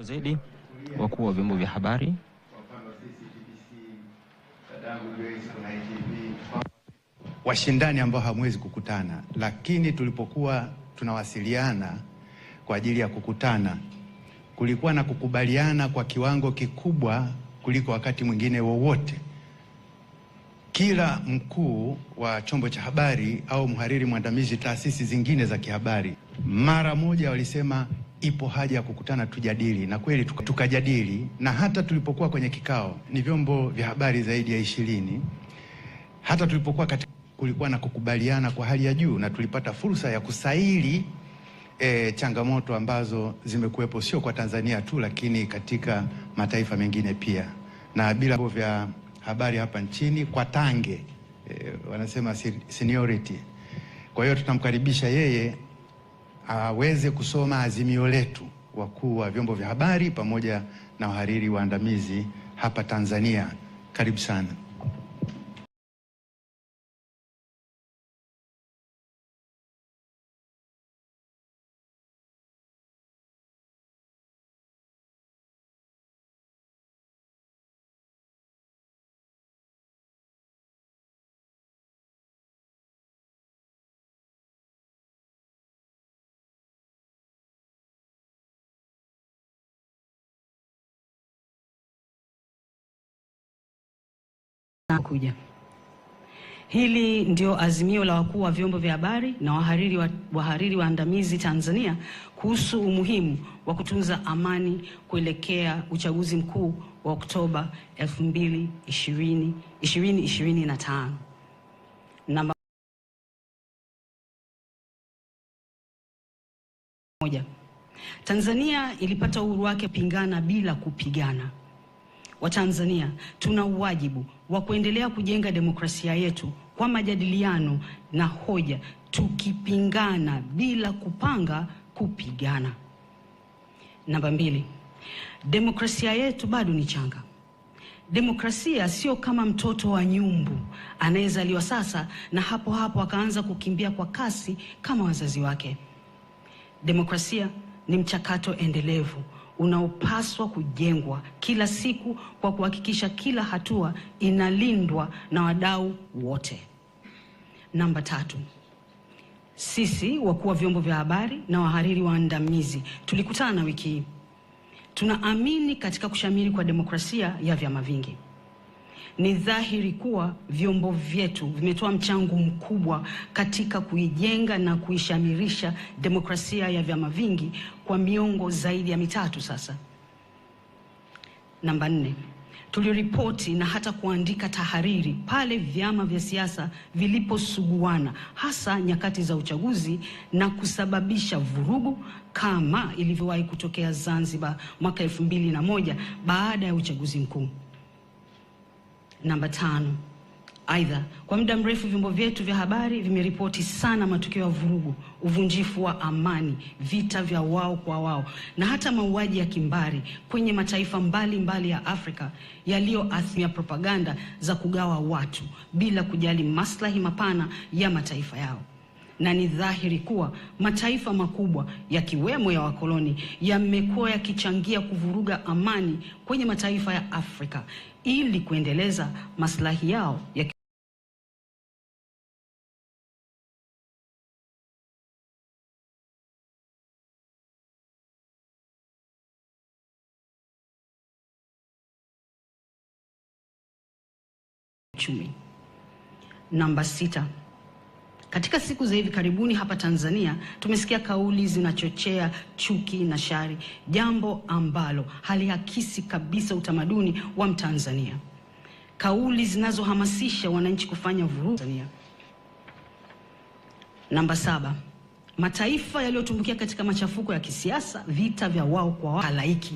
Zaidi wakuu wa vyombo vya habari washindani ambao hamwezi kukutana, lakini tulipokuwa tunawasiliana kwa ajili ya kukutana, kulikuwa na kukubaliana kwa kiwango kikubwa kuliko wakati mwingine wowote. Kila mkuu wa chombo cha habari au mhariri mwandamizi taasisi zingine za kihabari mara moja walisema ipo haja ya kukutana tujadili, na kweli tukajadili, na hata tulipokuwa kwenye kikao ni vyombo vya habari zaidi ya ishirini, hata tulipokuwa katika kulikuwa na kukubaliana kwa hali ya juu, na tulipata fursa ya kusaili e, changamoto ambazo zimekuwepo sio kwa Tanzania tu, lakini katika mataifa mengine pia, na bila vya habari hapa nchini kwa tange e, wanasema seniority. Kwa hiyo tutamkaribisha yeye aweze kusoma azimio letu, wakuu wa vyombo vya habari pamoja na wahariri waandamizi hapa Tanzania. Karibu sana. kuja. Hili ndio azimio la wakuu wa vyombo vya habari na wahariri, wa, wahariri waandamizi Tanzania kuhusu umuhimu wa kutunza amani kuelekea uchaguzi mkuu wa Oktoba 2020, 2025 na Tanzania ilipata uhuru wake pingana bila kupigana. Watanzania tuna uwajibu wa kuendelea kujenga demokrasia yetu kwa majadiliano na hoja, tukipingana bila kupanga kupigana. Namba mbili, demokrasia yetu bado ni changa. Demokrasia sio kama mtoto wa nyumbu anayezaliwa sasa na hapo hapo akaanza kukimbia kwa kasi kama wazazi wake. Demokrasia ni mchakato endelevu unaopaswa kujengwa kila siku kwa kuhakikisha kila hatua inalindwa na wadau wote. Namba tatu, sisi wakuu wa vyombo vya habari na wahariri waandamizi tulikutana wiki hii. Tunaamini katika kushamiri kwa demokrasia ya vyama vingi ni dhahiri kuwa vyombo vyetu vimetoa mchango mkubwa katika kuijenga na kuishamirisha demokrasia ya vyama vingi kwa miongo zaidi ya mitatu sasa. Namba nne, tuliripoti na hata kuandika tahariri pale vyama vya siasa viliposuguana, hasa nyakati za uchaguzi na kusababisha vurugu kama ilivyowahi kutokea Zanzibar mwaka elfu mbili na moja baada ya uchaguzi mkuu namba tano. Aidha, kwa muda mrefu vyombo vyetu vya habari vimeripoti sana matukio ya vurugu, uvunjifu wa amani, vita vya wao kwa wao na hata mauaji ya kimbari kwenye mataifa mbalimbali mbali ya Afrika yaliyoathimia propaganda za kugawa watu bila kujali maslahi mapana ya mataifa yao. Na ni dhahiri kuwa mataifa makubwa yakiwemo ya wakoloni yamekuwa yakichangia kuvuruga amani kwenye mataifa ya Afrika ili kuendeleza maslahi yao ya chumi Namba sita. Katika siku za hivi karibuni hapa Tanzania tumesikia kauli zinachochea chuki na shari, jambo ambalo halihakisi kabisa utamaduni wa Mtanzania. Kauli zinazohamasisha wananchi kufanya vurugu. Namba saba, mataifa yaliyotumbukia katika machafuko ya kisiasa, vita vya wao kwa wao, halaiki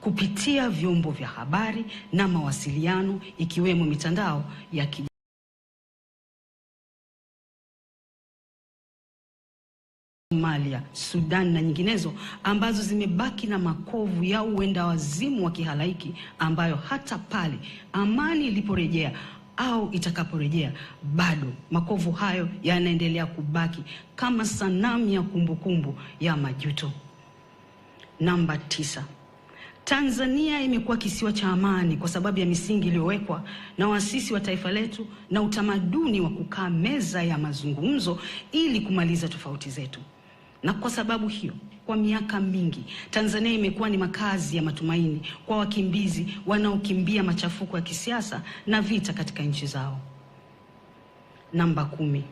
kupitia vyombo vya habari na mawasiliano ikiwemo mitandao ya kijamii. Somalia, Sudan na nyinginezo ambazo zimebaki na makovu ya uenda wazimu wa kihalaiki ambayo hata pale amani iliporejea au itakaporejea bado makovu hayo yanaendelea kubaki kama sanamu ya kumbukumbu ya majuto. Namba tisa. Tanzania imekuwa kisiwa cha amani kwa sababu ya misingi iliyowekwa na waasisi wa taifa letu na utamaduni wa kukaa meza ya mazungumzo ili kumaliza tofauti zetu na kwa sababu hiyo kwa miaka mingi Tanzania imekuwa ni makazi ya matumaini kwa wakimbizi wanaokimbia machafuko ya kisiasa na vita katika nchi zao. Namba kumi.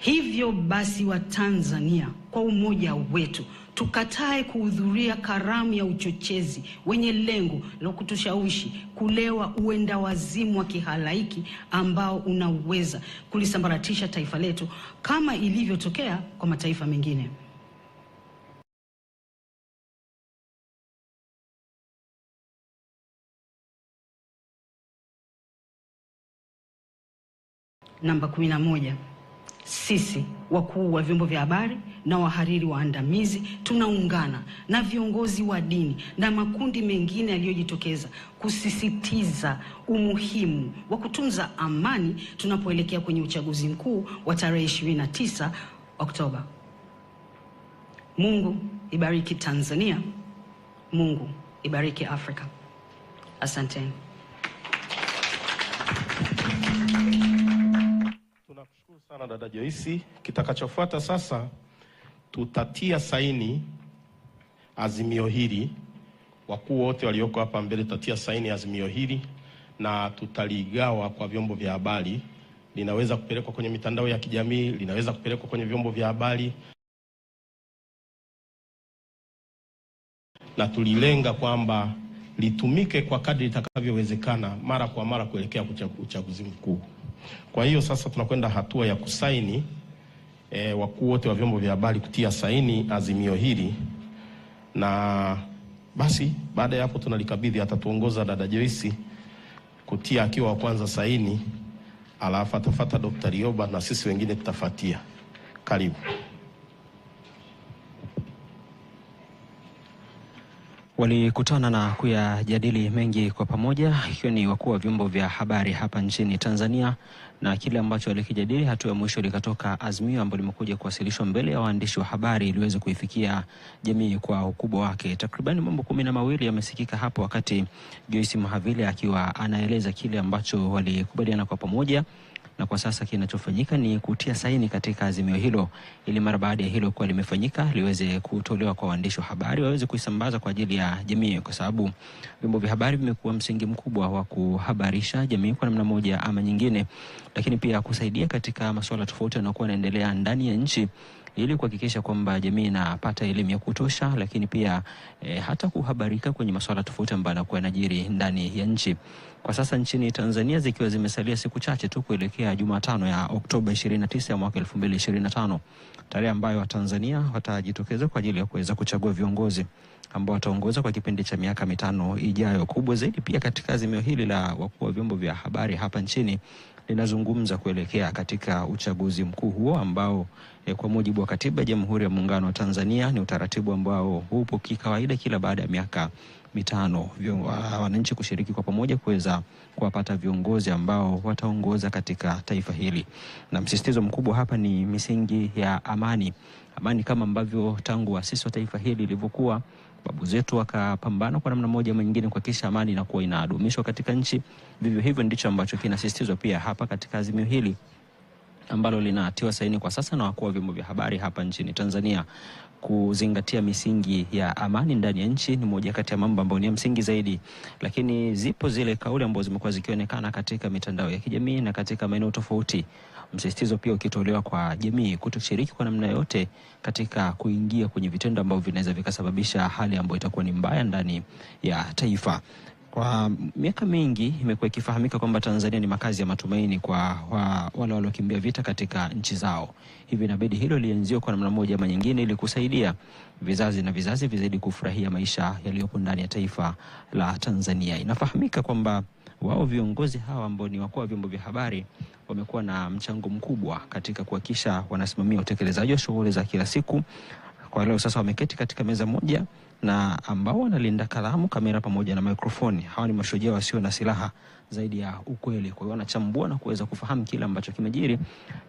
Hivyo basi, Watanzania kwa umoja wetu tukatae kuhudhuria karamu ya uchochezi wenye lengo la kutushawishi kulewa uenda wazimu wa kihalaiki ambao unaweza kulisambaratisha taifa letu kama ilivyotokea kwa mataifa mengine. Namba 11 sisi wakuu wa vyombo vya habari na wahariri waandamizi tunaungana na viongozi wa dini na makundi mengine yaliyojitokeza kusisitiza umuhimu wa kutunza amani tunapoelekea kwenye uchaguzi mkuu wa tarehe 29 Oktoba. Mungu ibariki Tanzania. Mungu ibariki Afrika. Asanteni. sana dada Joyce. Kitakachofuata sasa, tutatia saini azimio hili, wakuu wote walioko hapa mbele tutatia saini azimio hili na tutaligawa kwa vyombo vya habari. Linaweza kupelekwa kwenye mitandao ya kijamii, linaweza kupelekwa kwenye vyombo vya habari, na tulilenga kwamba litumike kwa kadri itakavyowezekana mara kwa mara kuelekea uchaguzi mkuu. Kwa hiyo sasa tunakwenda hatua ya kusaini e, wakuu wote wa vyombo vya habari kutia saini azimio hili, na basi baada ya hapo tunalikabidhi. Atatuongoza dada Joyce kutia akiwa wa kwanza saini, alafu atafata Dr. rioba na sisi wengine tutafatia. Karibu. walikutana na kuyajadili mengi kwa pamoja, ikiwa ni wakuu wa vyombo vya habari hapa nchini Tanzania, na kile ambacho walikijadili, hatua ya mwisho likatoka azimio ambalo limekuja kuwasilishwa mbele ya waandishi wa habari ili waweze kuifikia jamii kwa ukubwa wake. Takriban mambo kumi na mawili yamesikika hapo, wakati Joyce Mahavile akiwa anaeleza kile ambacho walikubaliana kwa pamoja na kwa sasa kinachofanyika ni kutia saini katika azimio hilo, ili mara baada ya hilo kuwa limefanyika liweze kutolewa kwa waandishi wa habari waweze kuisambaza kwa ajili ya jamii, kwa sababu vyombo vya habari vimekuwa msingi mkubwa wa kuhabarisha jamii kwa namna moja ama nyingine, lakini pia kusaidia katika masuala tofauti yanayokuwa yanaendelea ndani ya nchi ili kuhakikisha kwamba jamii inapata elimu ya kutosha, lakini pia e, hata kuhabarika kwenye masuala tofauti ambayo yanakuwa yanajiri ndani ya nchi. Kwa sasa nchini Tanzania zikiwa zimesalia siku chache tu kuelekea Jumatano ya Oktoba 29 ya mwaka 2025, tarehe ambayo Watanzania watajitokeza kwa ajili ya kuweza kuchagua viongozi ambao wataongoza kwa kipindi cha miaka mitano ijayo. Kubwa zaidi pia katika azimio hili la wakuu wa vyombo vya habari hapa nchini linazungumza kuelekea katika uchaguzi mkuu huo ambao e, kwa mujibu wa katiba ya Jamhuri ya Muungano wa Tanzania ni utaratibu ambao upo kikawaida kila baada ya miaka mitano wananchi kushiriki kwa pamoja kuweza kuwapata viongozi ambao wataongoza katika taifa hili, na msisitizo mkubwa hapa ni misingi ya amani. Amani kama ambavyo tangu waasisi wa taifa hili ilivyokuwa babu zetu wakapambana kwa namna moja ama nyingine kuhakikisha amani inakuwa inadumishwa katika nchi. Vivyo hivyo ndicho ambacho kinasisitizwa pia hapa katika azimio hili ambalo linatiwa saini kwa sasa na wakuu wa vyombo vya habari hapa nchini Tanzania kuzingatia misingi ya amani ndani ya nchi ni moja kati ya mambo ambayo ni ya msingi zaidi, lakini zipo zile kauli ambazo zimekuwa zikionekana katika mitandao ya kijamii na katika maeneo tofauti, msisitizo pia ukitolewa kwa jamii kutoshiriki kwa namna yote katika kuingia kwenye vitendo ambavyo vinaweza vikasababisha hali ambayo itakuwa ni mbaya ndani ya taifa. Kwa miaka mingi imekuwa ikifahamika kwamba Tanzania ni makazi ya matumaini kwa wa, wale waliokimbia vita katika nchi zao, hivyo inabidi hilo lienziwe kwa namna moja ama nyingine, ili kusaidia vizazi na vizazi vizidi kufurahia maisha yaliyopo ndani ya taifa la Tanzania. Inafahamika kwamba wao viongozi hawa ambao ni wakuu wa vyombo vya habari wamekuwa na mchango mkubwa katika kuhakikisha wanasimamia utekelezaji wa shughuli za kila siku. Kwa leo sasa wameketi katika meza moja na ambao wanalinda kalamu, kamera pamoja na mikrofoni. Hawa ni mashujaa wasio na silaha zaidi ya ukweli. Kwa hiyo wanachambua na kuweza kufahamu kile ambacho kimejiri,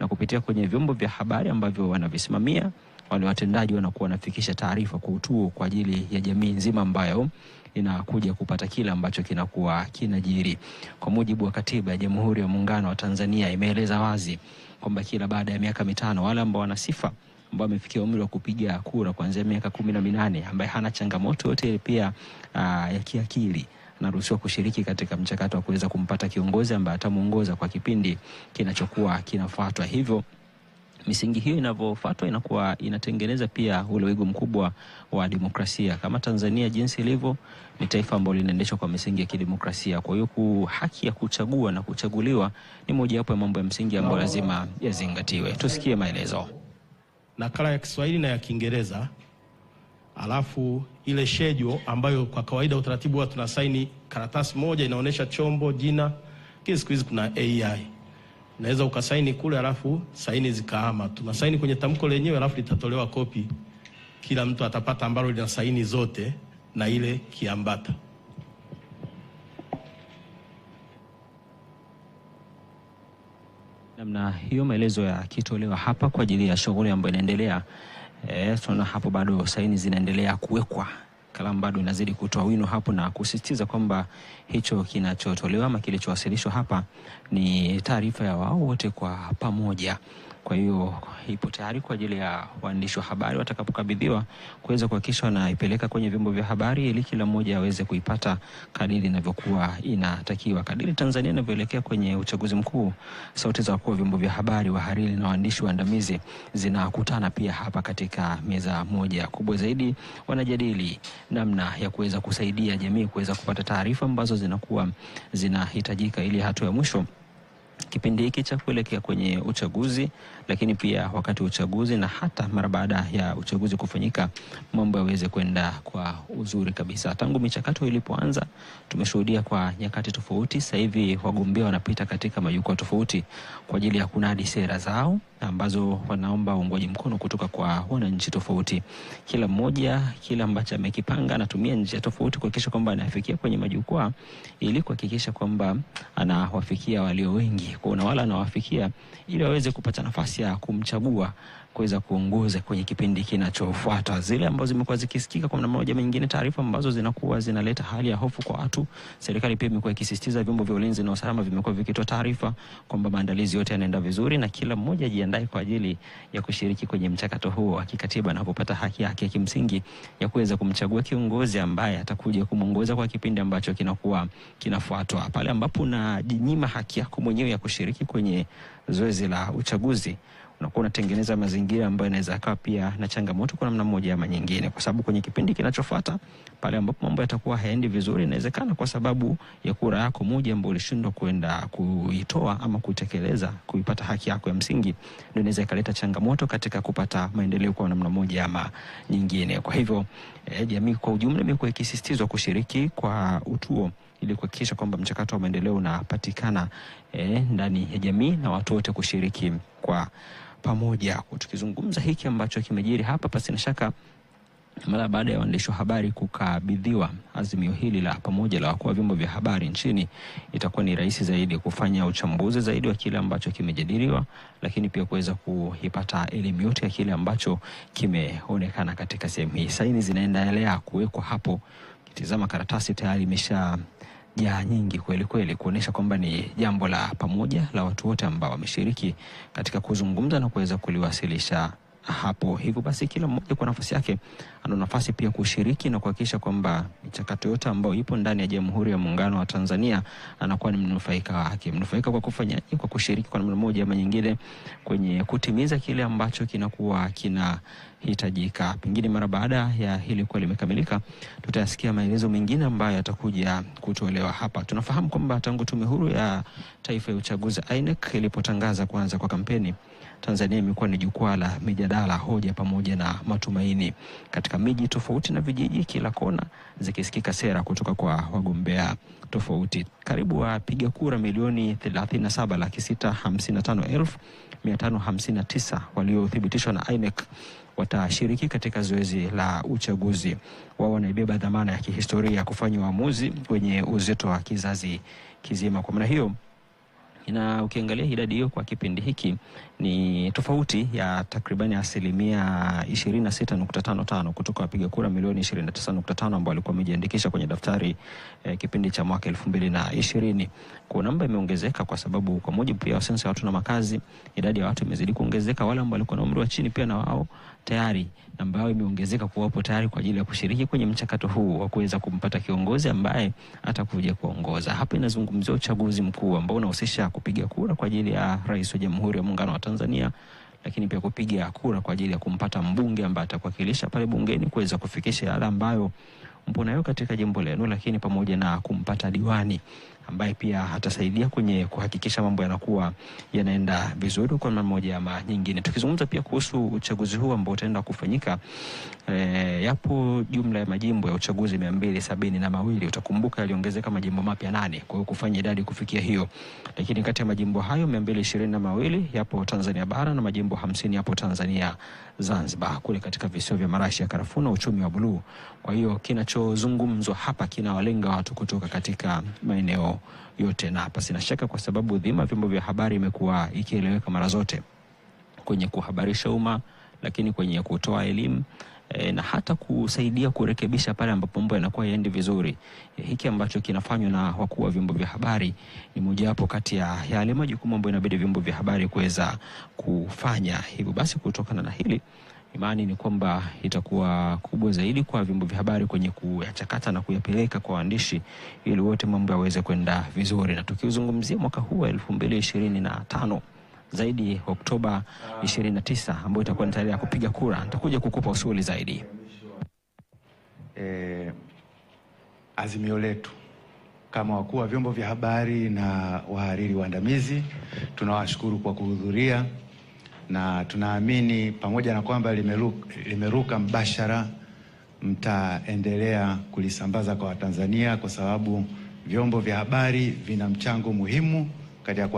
na kupitia kwenye vyombo vya habari ambavyo wanavisimamia wale watendaji wanakuwa wanafikisha taarifa kwa utuo kwa ajili ya jamii nzima ambayo inakuja kupata kile ambacho kinakuwa kinajiri. Kwa mujibu wa katiba ya Jamhuri ya Muungano wa Tanzania, imeeleza wazi kwamba kila baada ya miaka mitano wale ambao wana sifa ambaye amefikia umri wa kupiga kura kuanzia miaka kumi na minane ambaye hana changamoto yote pia uh, ya kiakili anaruhusiwa kushiriki katika mchakato wa kuweza kumpata kiongozi ambaye atamuongoza kwa kipindi kinachokuwa kinafuatwa. Hivyo misingi hiyo inavyofuatwa inakuwa inatengeneza pia ule wigo mkubwa wa demokrasia. Kama Tanzania jinsi ilivyo, ni taifa ambalo linaendeshwa kwa misingi ya kidemokrasia. Kwa hiyo haki ya kuchagua na kuchaguliwa ni mojawapo ya mambo ya msingi ambayo lazima yazingatiwe. Tusikie maelezo nakala ya Kiswahili na ya Kiingereza, alafu ile shejo ambayo kwa kawaida utaratibu huwa tunasaini karatasi moja inaonyesha chombo, jina. Lakini siku hizi kuna AI, unaweza ukasaini kule, alafu saini zikahama, tunasaini kwenye tamko lenyewe, alafu litatolewa kopi, kila mtu atapata ambalo lina saini zote na ile kiambata. Namna hiyo maelezo yakitolewa hapa kwa ajili ya shughuli ambayo inaendelea, e, tunaona hapo bado saini zinaendelea kuwekwa, kalamu bado inazidi kutoa wino hapo na kusisitiza kwamba hicho kinachotolewa ama kilichowasilishwa hapa ni taarifa ya wao wote kwa pamoja. Kwa hiyo ipo tayari kwa ajili ya waandishi wa habari watakapokabidhiwa kuweza kuhakikisha wanaipeleka kwenye vyombo vya habari ili kila mmoja aweze kuipata kadiri inavyokuwa inatakiwa. Kadiri Tanzania inavyoelekea kwenye uchaguzi mkuu, sauti za wakuu wa vyombo vya habari, wahariri na waandishi waandamizi zinakutana pia hapa katika meza moja kubwa zaidi, wanajadili namna ya kuweza kusaidia jamii kuweza kupata taarifa ambazo zinakuwa zinahitajika ili hatua ya mwisho kipindi hiki cha kuelekea kwenye uchaguzi lakini pia wakati wa uchaguzi na hata mara baada ya uchaguzi kufanyika, mambo yaweze kwenda kwa uzuri kabisa. Tangu michakato ilipoanza, tumeshuhudia kwa nyakati tofauti. Sasa hivi wagombea wanapita katika majukwaa tofauti kwa ajili ya kunadi sera zao ambazo wanaomba uungwaji mkono kutoka kwa wananchi tofauti. Kila mmoja kila ambacho amekipanga anatumia njia tofauti kuhakikisha kwamba anafikia kwenye majukwaa ili kuhakikisha kwamba anawafikia walio wengi, kuna wale anawafikia ili waweze kupata nafasi nafasi ya kumchagua kuweza kuongoza kwenye kipindi kinachofuata. Zile ambazo zimekuwa zikisikika kwa namna moja nyingine, taarifa ambazo zinakuwa zinaleta hali ya hofu kwa watu. Serikali pia imekuwa ikisisitiza, vyombo vya ulinzi na usalama vimekuwa vikitoa taarifa kwamba maandalizi yote yanaenda vizuri na kila mmoja ajiandae kwa ajili ya kushiriki kwenye mchakato huo wa kikatiba na kupata haki yake ya kimsingi ya kuweza kumchagua kiongozi ambaye atakuja kumwongoza kwa kipindi ambacho kinakuwa kinafuatwa. Pale ambapo unajinyima haki yako mwenyewe ya kushiriki kwenye zoezi la uchaguzi unakuwa unatengeneza mazingira ambayo inaweza kawa pia na changamoto kwa namna moja ama nyingine, kwa sababu kwenye kipindi kinachofuata pale ambapo mambo yatakuwa haendi vizuri, inawezekana kwa sababu ya kura yako moja ambayo ulishindwa kuenda kuitoa ama kutekeleza kuipata haki yako ya msingi, ndio inaweza ikaleta changamoto katika kupata maendeleo kwa namna moja ama nyingine. Kwa hivyo eh, jamii kwa ujumla imekuwa ikisisitizwa kushiriki kwa utuo ili kuhakikisha kwamba mchakato wa maendeleo unapatikana eh, ndani ya jamii na watu wote kushiriki kwa pamoja. Tukizungumza hiki ambacho kimejiri hapa, pasi na shaka mara baada ya waandishi wa habari kukabidhiwa azimio hili la pamoja la wakuu wa vyombo vya habari nchini, itakuwa ni rahisi zaidi kufanya uchambuzi zaidi wa kile ambacho kimejadiliwa, lakini pia kuweza kuipata elimu yote ya kile ambacho kimeonekana katika sehemu hii. Saini zinaendelea kuwekwa hapo, kitizama karatasi tayari imesha ya nyingi kweli kweli, kuonyesha kwamba ni jambo la pamoja la watu wote ambao wameshiriki katika kuzungumza na kuweza kuliwasilisha hapo. Hivyo basi kila mmoja kwa nafasi yake ana nafasi pia kushiriki na kuhakikisha kwamba michakato yote ambayo ipo ndani ya Jamhuri ya Muungano wa Tanzania anakuwa ni mnufaika wake, mnufaika kwa kufanya kwa kushiriki kwa namna moja ama nyingine kwenye kutimiza kile ambacho kinakuwa kinahitajika. Pengine mara baada ya hili kuwa limekamilika, tutayasikia maelezo mengine ambayo yatakuja kutolewa hapa. Tunafahamu kwamba tangu Tume Huru ya Taifa ya Uchaguzi INEC ilipotangaza kuanza kwa kampeni Tanzania imekuwa ni jukwaa la mijadala, hoja pamoja na matumaini katika miji tofauti na vijiji, kila kona zikisikika sera kutoka kwa wagombea tofauti. Karibu wapiga kura milioni 37 laki 655,559 waliothibitishwa na INEC watashiriki katika zoezi la uchaguzi. Wao wanaibeba dhamana ya kihistoria kufanya uamuzi wenye uzito wa kizazi kizima. Kwa maana hiyo, na ukiangalia idadi hiyo kwa kipindi hiki ni tofauti ya takribani asilimia 26.55 kutoka wapiga kura milioni 29.5 ambao walikuwa wamejiandikisha kwenye daftari eh, kipindi cha mwaka 2020. Kwa namba imeongezeka kwa sababu kwa mujibu pia wa sensa ya watu na makazi, idadi ya watu imezidi kuongezeka. Wale ambao walikuwa na umri wa chini pia na wao tayari namba yao imeongezeka kuwapo tayari kwa ajili ya kushiriki kwenye mchakato huu wa kuweza kumpata kiongozi ambaye atakuja kuongoza. Hapa inazungumzia uchaguzi mkuu ambao unahusisha kupiga kura kwa ajili ya rais wa Jamhuri ya Muungano wa Tanzania, lakini pia kupiga kura kwa ajili ya kumpata mbunge ambaye atakuwakilisha pale bungeni kuweza kufikisha yale ambayo mponayo katika jimbo lenu, lakini pamoja na kumpata diwani ambaye pia atasaidia kwenye kuhakikisha mambo yanakuwa yanaenda vizuri kwa namna moja ama nyingine. Tukizungumza pia kuhusu uchaguzi huu ambao utaenda kufanyika e, yapo jumla ya majimbo ya uchaguzi mia mbili sabini na mawili. Utakumbuka yaliongezeka majimbo mapya nane, kwa hiyo kufanya idadi kufikia hiyo, lakini kati ya majimbo hayo mia mbili ishirini na mawili yapo Tanzania bara na majimbo hamsini yapo Tanzania Zanzibar, kule katika visiwa vya marashi ya karafuu na uchumi wa buluu. Kwa hiyo kinachozungumzwa hapa kinawalenga watu kutoka katika maeneo yote, na hapa sina shaka, kwa sababu dhima vyombo vya habari imekuwa ikieleweka mara zote kwenye kuhabarisha umma, lakini kwenye kutoa elimu e, na hata kusaidia kurekebisha pale ambapo mambo yanakuwa yaendi vizuri. E, hiki ambacho kinafanywa na wakuu wa vyombo vya habari ni mojawapo kati ya yale majukumu ambayo inabidi vyombo vya habari kuweza kufanya. Hivyo basi kutokana na hili Imani ni kwamba itakuwa kubwa zaidi kwa vyombo vya habari kwenye kuyachakata na kuyapeleka kwa waandishi ili wote mambo yaweze kwenda vizuri. Na tukiuzungumzia mwaka huu wa elfu mbili ishirini na tano zaidi Oktoba 29 ambayo itakuwa ni tarehe ya kupiga kura, nitakuja kukupa usuli zaidi. E, azimio letu kama wakuu wa vyombo vya habari na wahariri waandamizi tunawashukuru kwa kuhudhuria na tunaamini pamoja na kwamba limeruka, limeruka mbashara, mtaendelea kulisambaza kwa Watanzania kwa sababu vyombo vya habari vina mchango muhimu katika